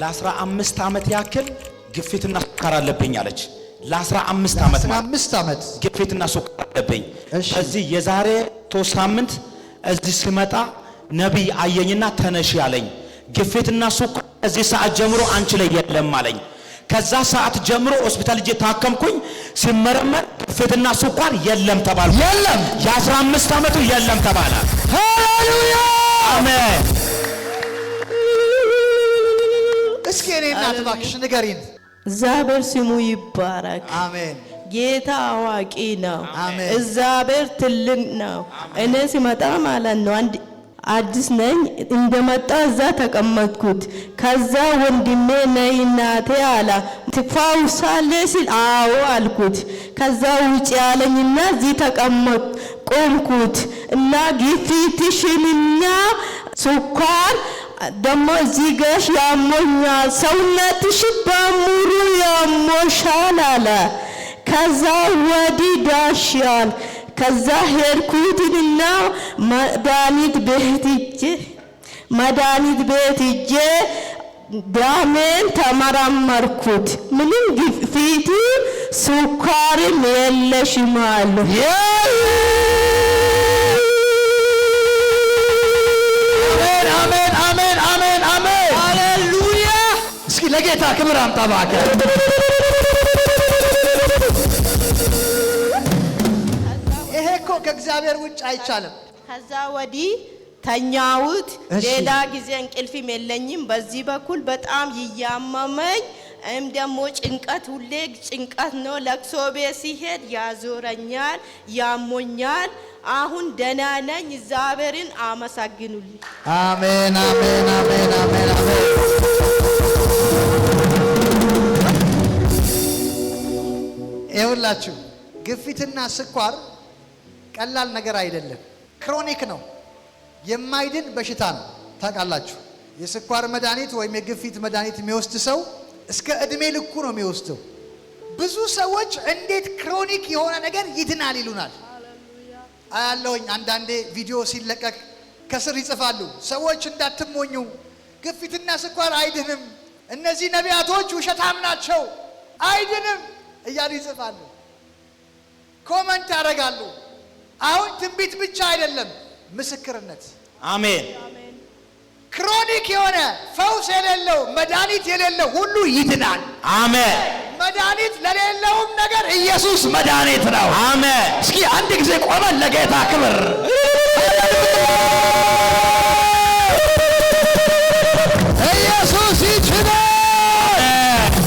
ለአስራ አምስት ዓመት ያክል ግፊትና ሱካር አለብኝ አለች። ለአስራ አምስት ዓመት አምስት ዓመት ግፊትና ሱካር አለብኝ። እዚህ የዛሬ ቶ ሳምንት እዚህ ስመጣ ነቢይ አየኝና ተነሺ አለኝ። ግፊትና ሱካር ከዚህ ሰዓት ጀምሮ አንቺ ላይ የለም አለኝ። ከዛ ሰዓት ጀምሮ ሆስፒታል እጄ ታከምኩኝ። ሲመረመር ግፊትና ሱኳር የለም ተባለ። የለም የ15 ዓመቱ የለም ተባለ። ሃሌሉያ አሜን። እናት እባክሽ ንገሪን። እግዚአብሔር ስሙ ይባረክ። አሜን። ጌታ አዋቂ ነው። እግዚአብሔር ትልቅ ነው። እኔ ሲመጣ ማለት ነው አንድ አዲስ ነኝ እንደመጣ እዛ ተቀመጥኩት። ከዛ ወንድሜ ነይ እናቴ አለ ትፋውሳለ ሲል አዎ አልኩት። ከዛ ውጭ ያለኝና እዚህ ተቀመጥ ቆምኩት እና ግፊትሽንና ስኳር ደግሞ እዚህ ጋሽ ያሞኛል፣ ሰውነትሽ በሙሉ ያሞሻል አለ። ከዛ ወዲህ ዳሻል። ከዛ ሄድኩትንና መድኃኒት ቤት ሂጄ መድኃኒት ቤት ሂጄ ዳሜን ተመረመርኩት። ምንም ግፊቱ ሱካርም የለሽም አሉ። ለጌታ ክብር አምጣ ባከ ይሄ እኮ ከእግዚአብሔር ውጭ አይቻልም። ከዛ ወዲህ ተኛውት ሌላ ጊዜ እንቅልፍም የለኝም። በዚህ በኩል በጣም ይያመመኝ እም ደግሞ ጭንቀት፣ ሁሌ ጭንቀት ነው። ለቅሶ ቤት ሲሄድ ያዞረኛል፣ ያሞኛል። አሁን ደህና ነኝ። እግዚአብሔርን አመሰግኑልኝ። አሜን፣ አሜን፣ አሜን፣ አሜን፣ አሜን። ልበላችሁ፣ ግፊትና ስኳር ቀላል ነገር አይደለም። ክሮኒክ ነው፣ የማይድን በሽታ ነው። ታውቃላችሁ፣ የስኳር መድኃኒት ወይም የግፊት መድኃኒት የሚወስድ ሰው እስከ ዕድሜ ልኩ ነው የሚወስደው። ብዙ ሰዎች እንዴት ክሮኒክ የሆነ ነገር ይድናል ይሉናል። አያለውኝ አንዳንዴ ቪዲዮ ሲለቀቅ ከስር ይጽፋሉ፣ ሰዎች እንዳትሞኙ፣ ግፊትና ስኳር አይድንም፣ እነዚህ ነቢያቶች ውሸታም ናቸው፣ አይድንም እያሉ ይጽፋሉ። ኮመንት ያደርጋሉ። አሁን ትንቢት ብቻ አይደለም ምስክርነት። አሜን። ክሮኒክ የሆነ ፈውስ የሌለው መድኃኒት የሌለው ሁሉ ይድናል። አሜን። መድኃኒት ለሌለውም ነገር ኢየሱስ መድኃኒት ነው። አሜን። እስኪ አንድ ጊዜ ቆመን ለጌታ ክብር